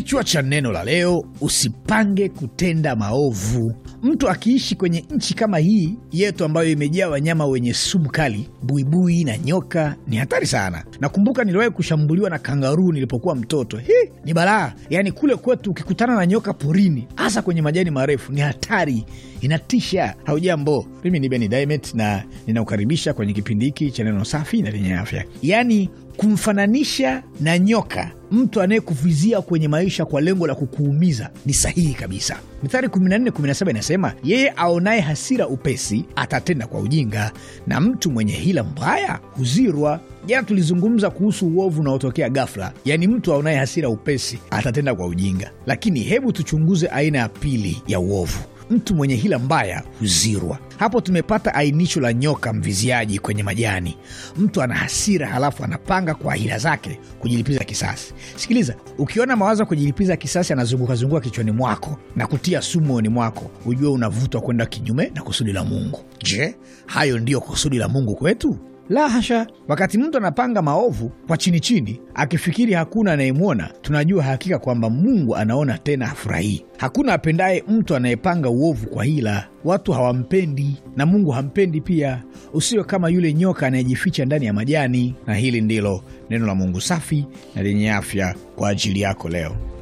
Kichwa cha neno la leo: usipange kutenda maovu. Mtu akiishi kwenye nchi kama hii yetu ambayo imejaa wanyama wenye sumu kali, buibui na nyoka, ni hatari sana. Nakumbuka niliwahi kushambuliwa na kangaruu nilipokuwa mtoto. Hi, ni balaa! Yaani kule kwetu ukikutana na nyoka porini, hasa kwenye majani marefu, ni hatari, inatisha. Haujambo, mimi ni Beni Dimet na ninakukaribisha kwenye kipindi hiki cha neno safi na lenye afya. Yaani kumfananisha na nyoka mtu anayekuvizia kwenye maisha kwa lengo la kukuumiza ni sahihi kabisa. Mithali 14:17 inasema, yeye aonaye hasira upesi atatenda kwa ujinga, na mtu mwenye hila mbaya huzirwa. Jana tulizungumza kuhusu uovu unaotokea ghafla, yaani mtu aonaye hasira upesi atatenda kwa ujinga. Lakini hebu tuchunguze aina ya pili ya uovu mtu mwenye hila mbaya huzirwa. Hapo tumepata ainisho la nyoka mviziaji kwenye majani. Mtu ana hasira, halafu anapanga kwa hila zake kujilipiza kisasi. Sikiliza, ukiona mawazo ya kujilipiza kisasi anazungukazunguka kichwani mwako na kutia sumu moyoni mwako, ujue unavutwa kwenda kinyume na kusudi la Mungu. Je, hayo ndiyo kusudi la Mungu kwetu? La hasha! Wakati mtu anapanga maovu kwa chini chini, akifikiri hakuna anayemwona, tunajua hakika kwamba Mungu anaona, tena hafurahii. Hakuna apendaye mtu anayepanga uovu kwa hila. Watu hawampendi na Mungu hampendi pia. Usiwe kama yule nyoka anayejificha ndani ya majani. Na hili ndilo neno la Mungu safi na lenye afya kwa ajili yako leo.